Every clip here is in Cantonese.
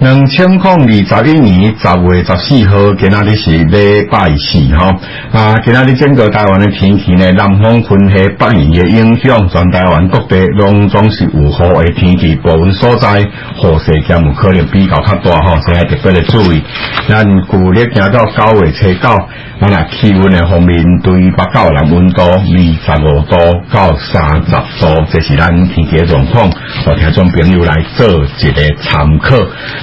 兩千零二十一年十月十四號，今仔日是禮拜四哈、哦。啊，今仔日整個台灣的天氣呢，南方混合北移嘅影響，全台灣各地攏都總是有雨的天氣，部分所在河勢降雨可能比較較大、哦、所以特別得注意。咱今日行到九月七九，啊，氣溫嘅方面，對北高南溫度二十五度到三十六度，這是咱天氣嘅狀況，我聽眾朋友來做一個參考。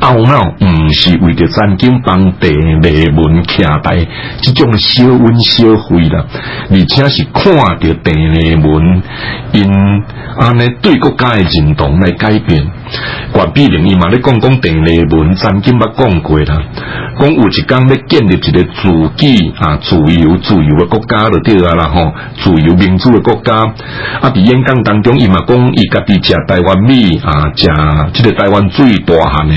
傲慢唔是為着占金幫地內門徛大，這種小温小惠啦，而且是看着地內門因安尼對國家嘅認同來改變。怪必零伊嘛，咧講講地內門曾經捌講過啦，講有一工咧建立一個自己啊，自由自由嘅國家就對啊啦吼，自由民主嘅國家。啊，佇演講當中，伊嘛講伊家己食台灣米啊，食即個台灣最大漢呢。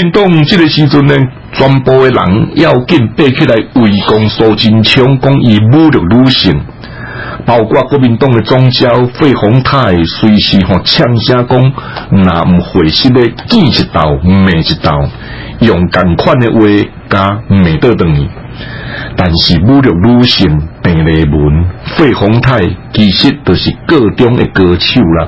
運動即個時陣呢，全部人要緊爬起來，圍攻蘇貞昌，講伊侮辱女性，包括國民黨的總召費鴻泰，隨時吼槍聲講，那唔會識的見一道，唔見一道。用共款的話講，唔見得到你。但是侮辱女性並沒門，費鴻泰其實就是各中的高手啦。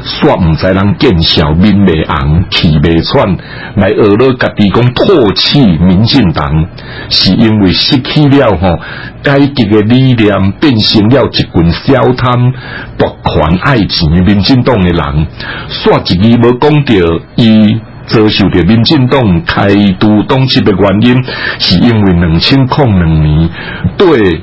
煞毋知人見笑，面未紅，氣未喘，來學着家己講唾棄民進黨，是因為失去了吼改革嘅理念，變成了一群小貪、剝權、愛錢民進黨嘅人。煞一語無講着伊遭受着民進黨開刀動擊嘅原因，是因為兩千零兩年對。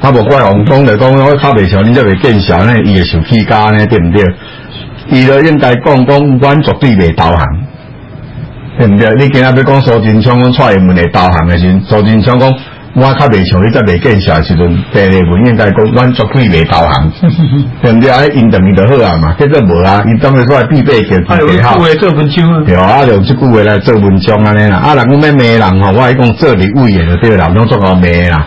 他無怪王東來講，我卡未上，你則未見上呢？伊個手機卡呢？對唔對？伊就應該講講，阮絕對未導航，對唔對？你今仔日講，蘇貞昌講蔡英文嚟導航嘅時，蘇貞昌講我卡未上，你則未見上時陣，第二門應該講阮絕對未導航，對唔對？阿伊印度咪得好啊嘛？今朝無啊？伊當個做必備嘅必備好。哎呦，做文章啊！對啊，用這句話來做文章安尼啦。阿人講咩咩人吼？我一共做李偉嘅對啦，儂做阿咩啦？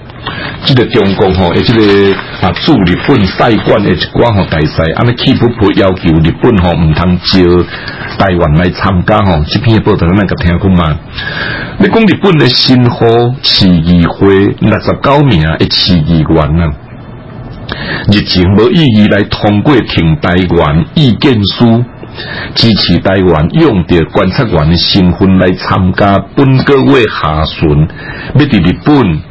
即、這個中國嗬、哦，以及咧啊，駐日本使館嘅一關項大使咁啊，起不撥要求日本嗬唔通招台灣來參加嗬、哦，這篇報道你能夠聽過嗎？你講日本嘅新號次議會六十九名的一次議員啊，日前無意義來通過停台灣意見書，支持台灣用着觀察員嘅身份來參加本個月下旬要在日本。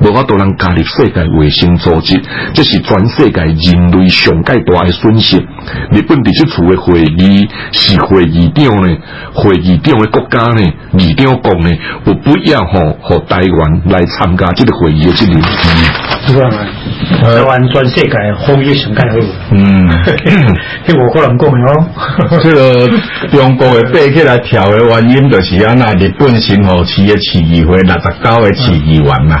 無法度讓加入世界衛生組織，這是全世界人類上界大嘅損失。日本啲一處嘅會議，是會議長咧，會議長嘅國家呢，議長講呢，我不要嗬，和台灣來參加呢個會議嘅。呢個台灣全世界嗯，我背起嚟挑嘅原因，就日本市議會六十九個市議員嘛。